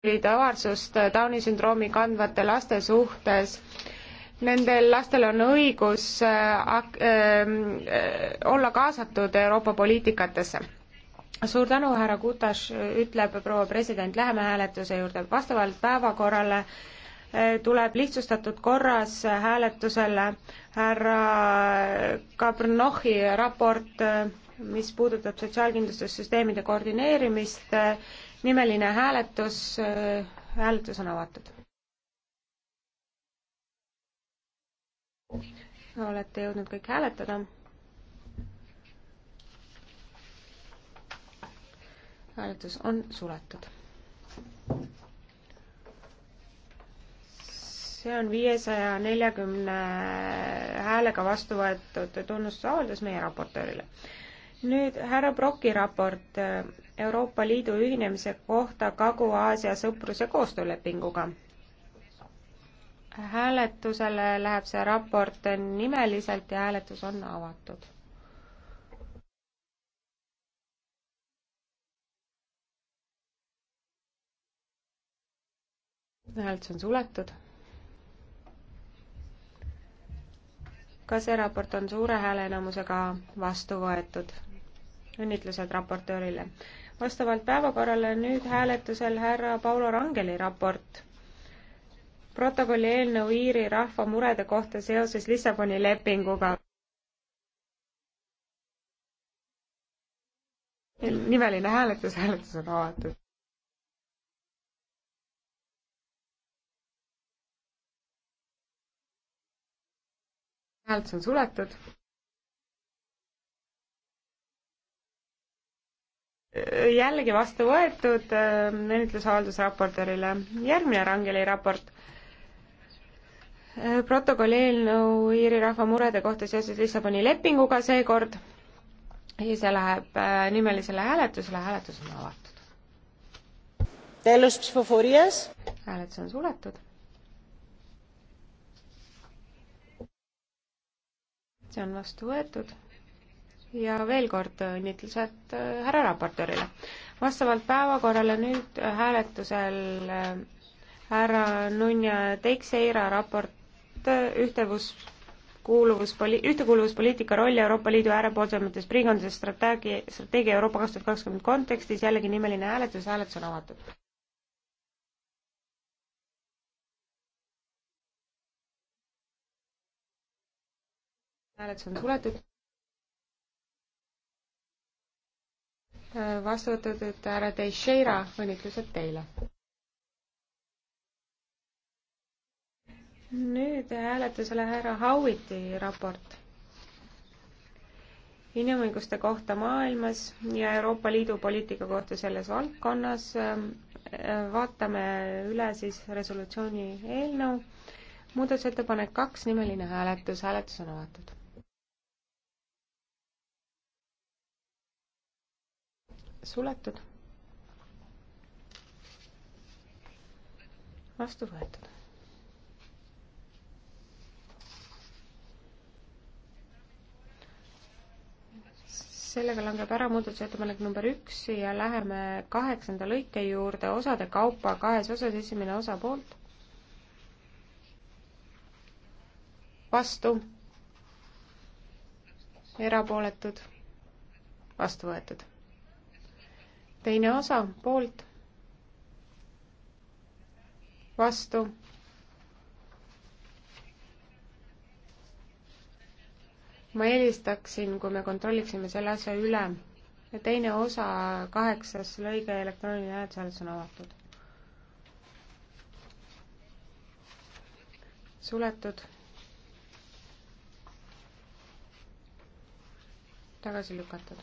solidaarsust Downi sündroomi kandvate laste suhtes. Nendel lastel on õigus äh, ähm, äh, olla kaasatud Euroopa poliitikatesse. suur tänu, härra Kutas, ütleb proua president, läheme hääletuse juurde. vastavalt päevakorrale äh, tuleb lihtsustatud korras hääletusele härra Kabrnohhi raport, äh, mis puudutab sotsiaalkindlustussüsteemide koordineerimist äh, nimeline hääletus, äh, hääletus on avatud. olete jõudnud kõik hääletada? hääletus on suletud. see on viiesaja neljakümne häälega vastu võetud tunnustusavaldus meie raportöörile. nüüd härra Broki raport Euroopa Liidu ühinemise kohta Kagu-Aasia sõpruse koostöölepinguga. hääletusele läheb see raport nimeliselt ja hääletus on avatud. hääletus on suletud. ka see raport on suure hääleenamusega vastu võetud õnnitlused raportöörile vastavalt päevakorrale nüüd hääletusel härra Paulo Rangeli raport protokolli eelnõu Iiri rahva murede kohta seoses Lissaboni lepinguga. nimeline hääletus, hääletus on avatud. hääletus on suletud. jällegi vastu võetud menetlusavalduse ähm, raportöörile. järgmine Rangeli raport. Äh, protokolli eelnõu Iiri rahva murede kohta seoses Lissaboni lepinguga seekord ja see läheb äh, nimelisele hääletusele, hääletus on avatud. hääletus on suletud. see on vastu võetud ja veel kord õnnitlused äh, äh, härra raportöörile. vastavalt päevakorrale nüüd äh, hääletusel härra Nunja Teixeira raport ühtevus kuuluvuspolii-, ühtekuuluvuspoliitika roll Euroopa Liidu äärepoolsemates piirkondades strateegia, strateegia Euroopa kaks tuhat kakskümmend kontekstis, jällegi nimeline hääletus, hääletus on avatud. hääletus on suletud. vastu võtnud härra Teixeira, õnnitlused teile. nüüd hääletusele härra Howiti raport inimõiguste kohta maailmas ja Euroopa Liidu poliitika kohta selles valdkonnas. Ähm, äh, vaatame üle siis resolutsiooni eelnõu. muudatusettepanek kaks, nimeline hääletus, hääletus on avatud suletud. vastu võetud. sellega langeb ära muudatusettepanek number üks ja läheme kaheksanda lõike juurde osade kaupa kahes osas, esimene osa poolt. vastu. erapooletud. vastu võetud teine osa poolt, vastu. ma eelistaksin, kui me kontrolliksime selle asja üle. ja teine osa, kaheksas lõige, elektrooniline hääletus on avatud. suletud. tagasi lükatud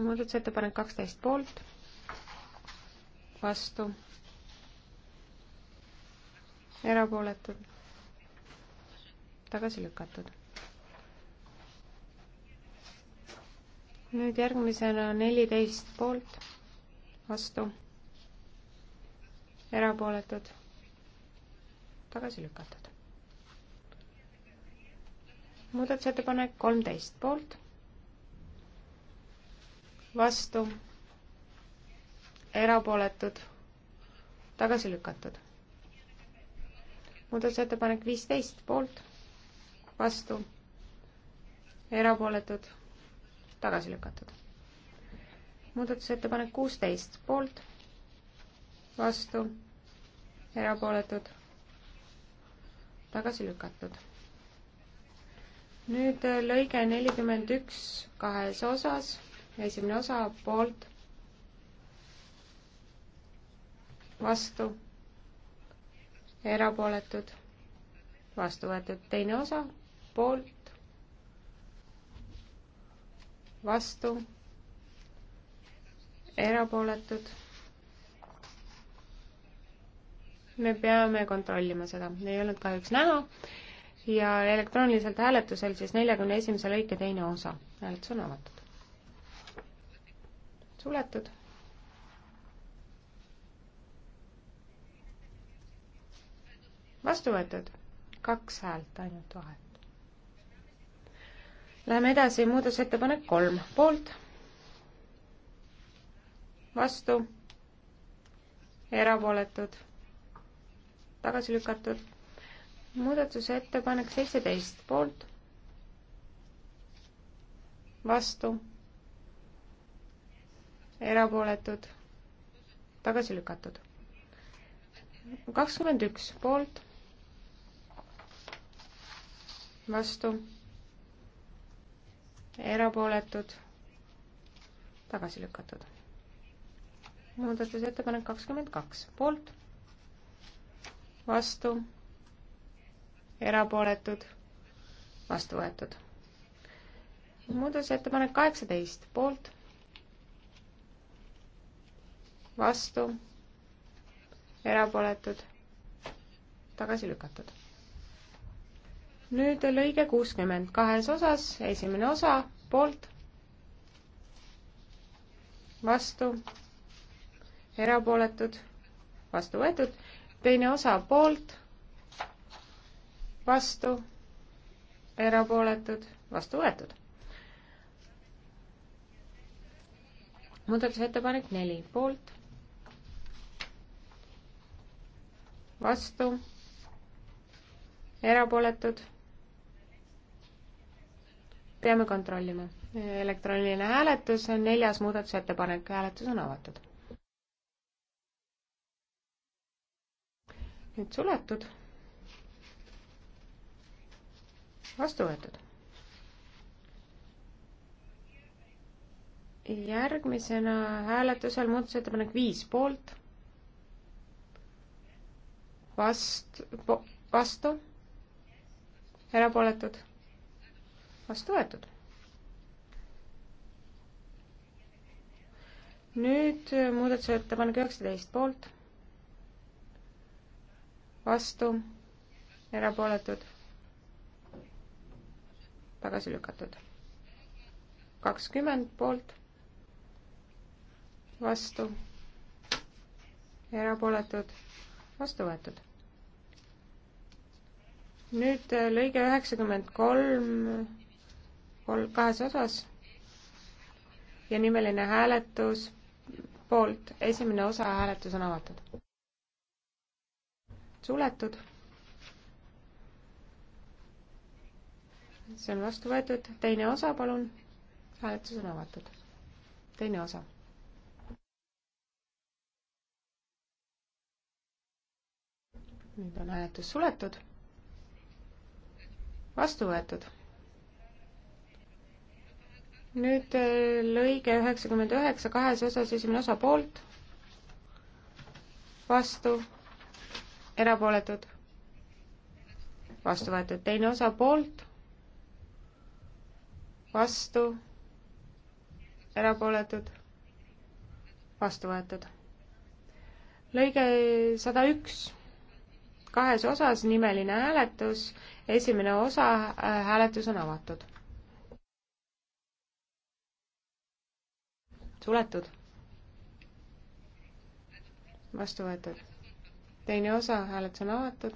muudatusettepanek kaksteist poolt, vastu, erapooletud, tagasi lükatud. nüüd järgmisena neliteist poolt, vastu, erapooletud, tagasi lükatud. muudatusettepanek kolmteist poolt vastu, erapooletud, tagasi lükatud. muudatusettepanek viisteist, poolt, vastu, erapooletud, tagasi lükatud. muudatusettepanek kuusteist, poolt, vastu, erapooletud, tagasi lükatud nüüd äh, lõige nelikümmend üks kahes osas esimene osa poolt, vastu, erapooletud, vastu võetud, teine osa poolt, vastu, erapooletud. me peame kontrollima seda, ei olnud kahjuks näha ja elektrooniliselt hääletusel siis neljakümne esimese lõike teine osa. hääletus on avatud suletud. vastu võetud, kaks häält ainult vahet. Läheme edasi, muudatusettepanek kolm, poolt, vastu, erapooletud, tagasi lükatud. muudatusettepanek seitseteist, poolt, vastu erapooletud, tagasi lükatud. kakskümmend üks poolt, vastu, erapooletud, tagasi lükatud. muudatusettepanek kakskümmend kaks poolt, vastu, erapooletud, vastu võetud muudatusettepanek kaheksateist poolt vastu, erapooletud, tagasi lükatud. nüüd lõige kuuskümmend kahes osas, esimene osa, poolt, vastu, erapooletud, vastu võetud, teine osa poolt, vastu, erapooletud, vastu võetud. muudatusettepanek neli, poolt vastu, erapooletud. peame kontrollima. elektrooniline hääletus on neljas muudatusettepanek, hääletus on avatud. nüüd suletud. vastu võetud. järgmisena hääletusel muudatusettepanek viis poolt vast-, vastu, erapooletud, vastu võetud. nüüd äh, muudatusettepanek üheksateist poolt, vastu, erapooletud, tagasi lükatud. kakskümmend poolt, vastu, erapooletud vastu võetud. nüüd äh, lõige üheksakümmend kolm, kolm, kahes osas ja nimeline hääletus poolt, esimene osa hääletus on avatud. suletud. see on vastu võetud, teine osa, palun. hääletus on avatud. teine osa nüüd on hääletus suletud. vastu võetud. nüüd äh, lõige üheksakümmend üheksa kahes osas esimene osa poolt, vastu, erapooletud, vastu võetud, teine osa poolt, vastu, erapooletud, vastu võetud. lõige sada üks kahes osas nimeline hääletus, esimene osa äh, hääletus on avatud. suletud. vastu võetud. teine osa hääletus on avatud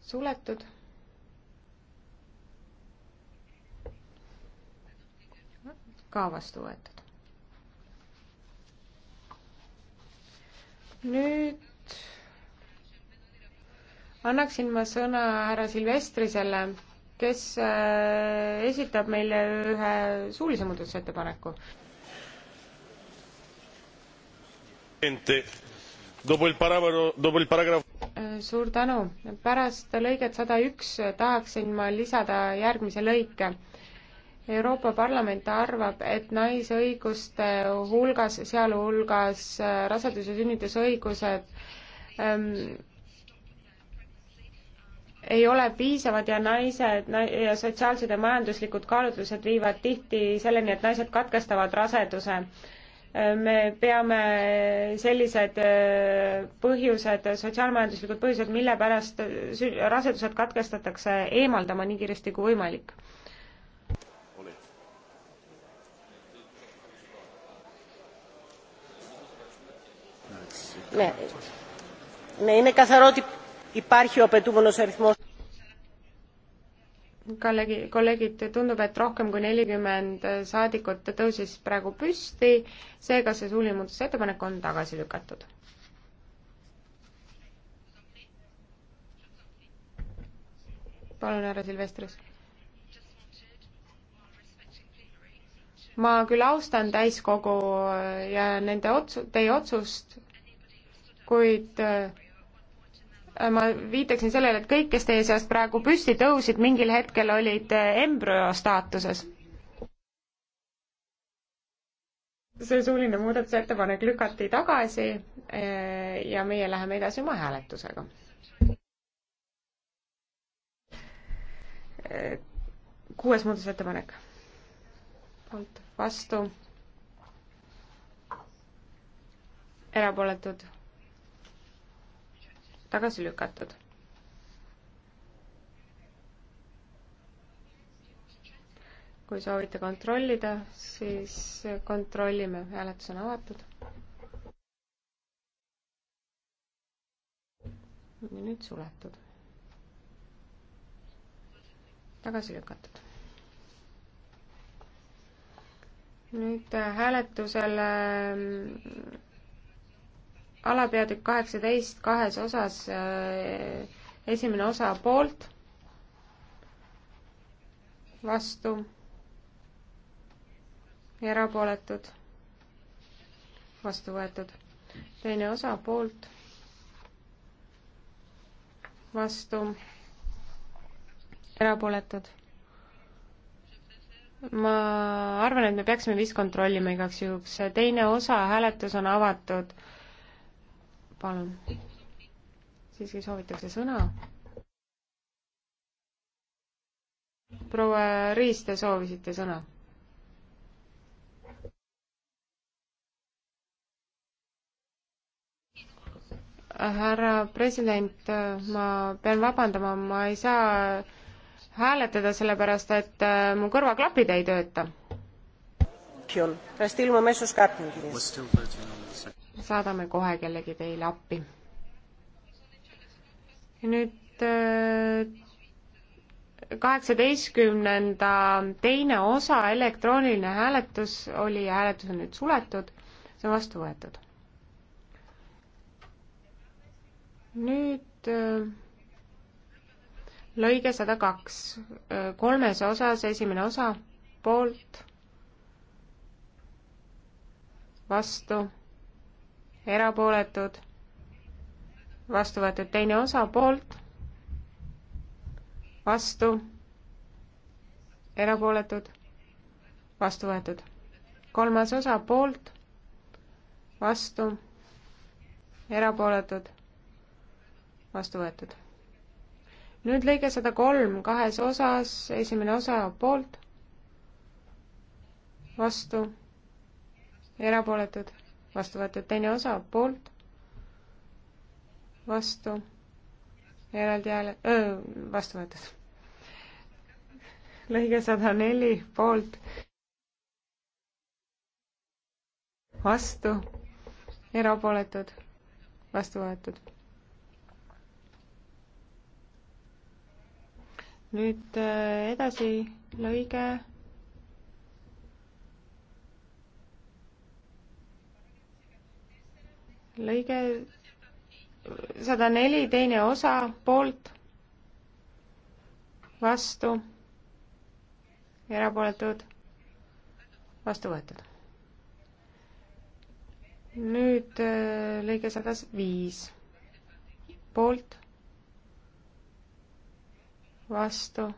suletud. ka vastu võetud. nüüd annaksin ma sõna härra Silvestrisele, kes äh, esitab meile ühe suulise muudatusettepaneku. Äh, suur tänu, pärast lõiget sada üks tahaksin ma lisada järgmise lõike Euroopa Parlament arvab, et naisõiguste hulgas, sealhulgas äh, rasedus- ja sünnitusõigused ähm,, ei ole piisavad ja naised na, ja sotsiaalsed ja majanduslikud kaalutlused viivad tihti selleni, et naised katkestavad raseduse. Äh, me peame sellised äh, põhjused, sotsiaalmajanduslikud põhjused, mille pärast rasedused katkestatakse, eemaldama nii kiiresti kui võimalik Ναι. ναι, είναι καθαρό ότι υπάρχει ο απαιτούμενος αριθμός. kolleegid, tundub, et rohkem kui nelikümmend saadikut tõusis praegu püsti, seega see suuline muudatusettepanek on tagasi lükatud. palun, härra Silvestris ma küll austan täiskogu ja nende otsu-, teie otsust, kuid äh, ma viitaksin sellele, et kõik, kes teie seast praegu püsti tõusid, mingil hetkel olid äh, embrüo staatuses. see suuline muudatusettepanek lükati tagasi äh, ja meie läheme edasi oma hääletusega. kuues muudatusettepanek. poolt, vastu. erapooletud tagasi lükatud. kui soovite kontrollida, siis kontrollime, hääletus on avatud. ja nüüd suletud. tagasi lükatud. nüüd hääletusele alapeatükk kaheksateist kahes osas, äh, esimene osa poolt, vastu ja erapooletud, vastu võetud. teine osa poolt, vastu, erapooletud. ma arvan, et me peaksime vist kontrollima igaks juhuks, teine osa hääletus on avatud palun. siiski soovitakse sõna. proua Riis, te soovisite sõna? härra president, ma pean vabandama, ma ei saa hääletada, sellepärast et äh, mu kõrvaklapid ei tööta. kas ilma messuskärpmegi? saadame kohe kellegi teile appi. nüüd äh, kaheksateistkümnenda teine osa, elektrooniline hääletus oli, hääletus on nüüd suletud, see on vastu võetud. nüüd äh, lõige sada kaks, äh, kolmes osas, esimene osa, poolt, vastu erapooletud, vastu võetud teine osa poolt, vastu, erapooletud, vastu võetud. kolmas osa poolt, vastu, erapooletud, vastu võetud. nüüd lõige sada kolm kahes osas, esimene osa poolt, vastu, erapooletud vastu võetud teine osa poolt, vastu, eraldi hääle, vastu võetud. lõige sada neli poolt, vastu, erapooletud, vastu võetud. nüüd äh, edasi lõige lõige sada neli, teine osa, poolt, vastu, erapooletud, vastu võetud. nüüd äh, lõige sada viis, poolt, vastu,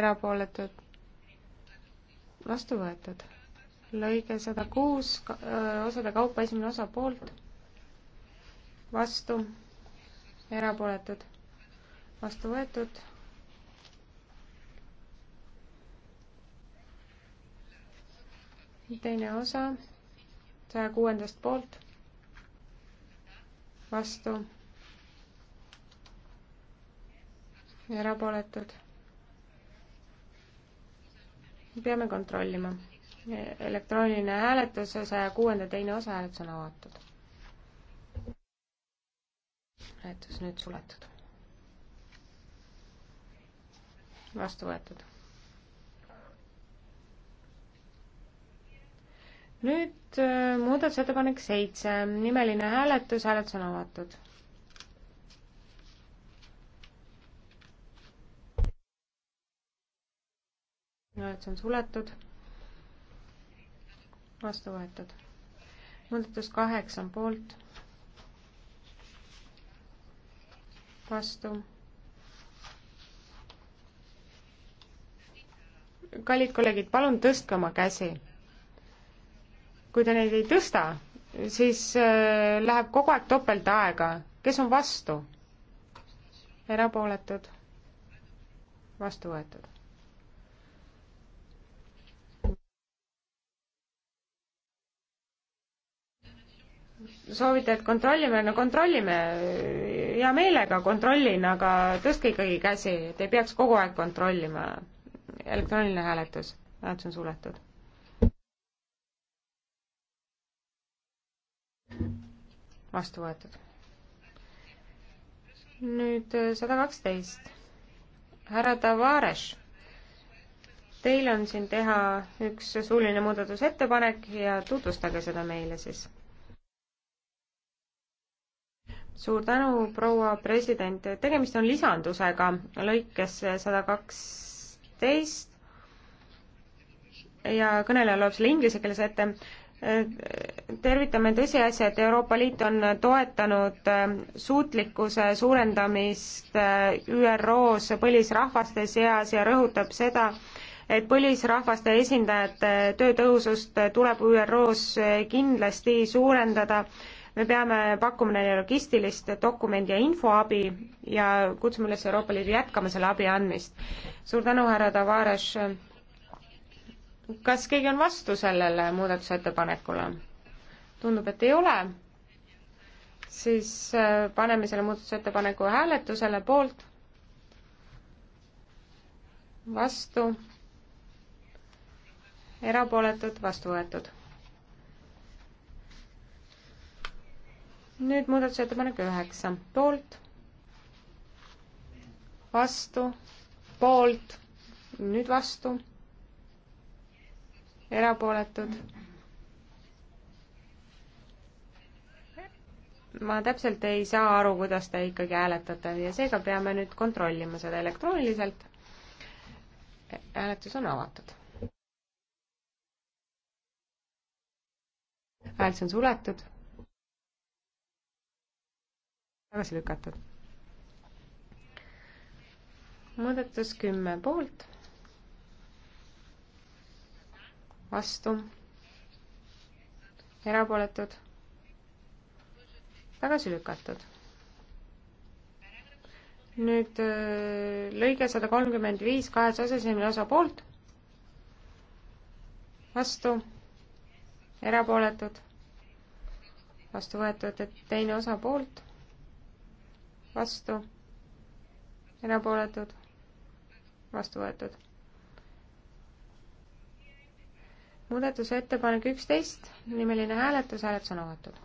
erapooletud, vastu võetud lõige sada kuus, osade kaupa esimene osa poolt, vastu, erapooletud, vastu võetud. teine osa saja kuuendast poolt, vastu, erapooletud. peame kontrollima elektrooniline hääletus, saja kuuenda teine osa, hääletus on avatud. hääletus nüüd suletud. vastu võetud. nüüd äh, muudatusettepanek seitse, nimeline hääletus, hääletus on avatud. hääletus on suletud vastu võetud. muudatus kaheksa on poolt, vastu. kallid kolleegid, palun tõstke oma käsi. kui te neid ei tõsta, siis äh, läheb kogu aeg topelt aega. kes on vastu? erapooletud? vastu võetud. soovite, et kontrollime, no kontrollime, hea meelega kontrollin, aga tõstke ikkagi käsi, te ei peaks kogu aeg kontrollima. elektrooniline hääletus, hääletus on suletud. vastu võetud. nüüd äh, sada kaksteist. härra Tavares Teil on siin teha üks suuline muudatusettepanek ja tutvustage seda meile siis suur tänu, proua president, tegemist on lisandusega lõikes sada kaksteist ja kõneleja loeb selle inglise keeles ette tervitame tõsiasja, et Euroopa Liit on toetanud suutlikkuse suurendamist ÜRO-s põlisrahvaste seas ja rõhutab seda, et põlisrahvaste esindajate töötõhusust tuleb ÜRO-s kindlasti suurendada me peame pakkuma neile logistilist dokumendi ja infoabi ja kutsume üles Euroopa Liidu jätkama selle abi andmist. suur tänu, härra Tavares. kas keegi on vastu sellele muudatusettepanekule? tundub, et ei ole. siis äh, paneme selle muudatusettepaneku hääletusele poolt, vastu, erapooletud, vastu võetud nüüd muudatusettepanek üheksa, poolt, vastu, poolt, nüüd vastu, erapooletud. ma täpselt ei saa aru, kuidas te ikkagi hääletate ja seega peame nüüd kontrollima seda elektrooniliselt. hääletus on avatud. hääletus on suletud tagasi lükatud. muudatus kümme poolt, vastu, erapooletud, tagasi lükatud. nüüd äh, lõige sada kolmkümmend viis kahes osas, esimene osa poolt, vastu, erapooletud vastu võetud, et teine osa poolt, vastu, erapooletud, vastu võetud. muudatusettepanek üksteist, nimeline hääletus, hääletus on avatud.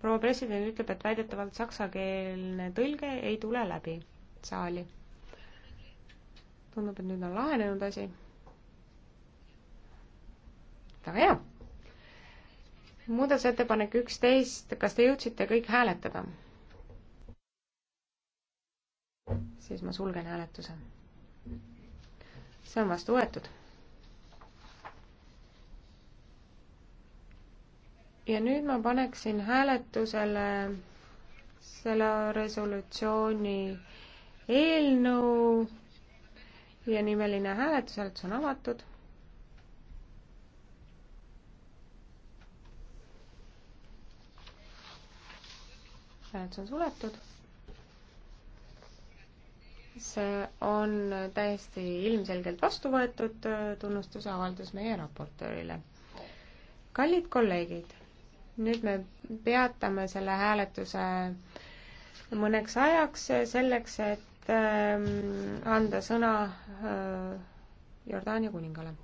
proua president ütleb, et väidetavalt saksakeelne tõlge ei tule läbi saali. tundub, et nüüd on lahenenud asi. väga hea. muudatusettepanek üksteist, kas te jõudsite kõik hääletada? siis ma sulgen hääletuse. see on vastu võetud. ja nüüd ma paneksin hääletusele selle resolutsiooni eelnõu ja nimeline hääletus, hääletus on avatud. hääletus on suletud. see on täiesti ilmselgelt vastu võetud äh, tunnustuse avaldus meie raportöörile. kallid kolleegid, nüüd me peatame selle hääletuse mõneks ajaks selleks, et Ehm, anda sõna äh, Jordaania kuningale